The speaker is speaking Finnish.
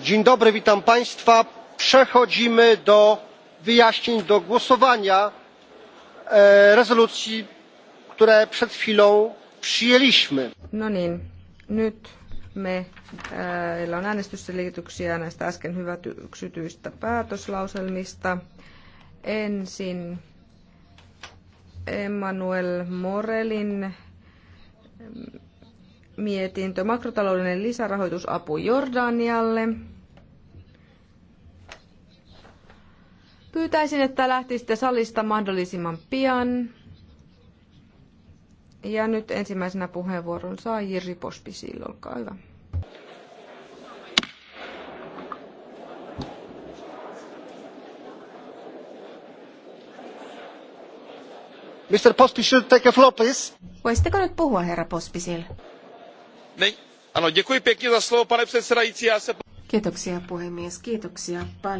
dzień dobry witam państwa. przechodzimy do wyjaśnień do głosowania e, rezolucji które przed chwilą przyjęliśmy. No niin, nyt me, e, meillä on äänestysselityksiä näistä äsken hyväksytyistä päätöslauselmista. Ensin Emmanuel Morelin mietintö makrotaloudellinen lisärahoitusapu Jordanialle. Pyytäisin, että lähtisitte salista mahdollisimman pian. Ja nyt ensimmäisenä puheenvuoron saa Jiri silloin, olkaa hyvä. Mr. Pospisil, take a floor, please. Voisitteko nyt puhua, herra Pospisil? Kiitoksia puhemies, kiitoksia paljon.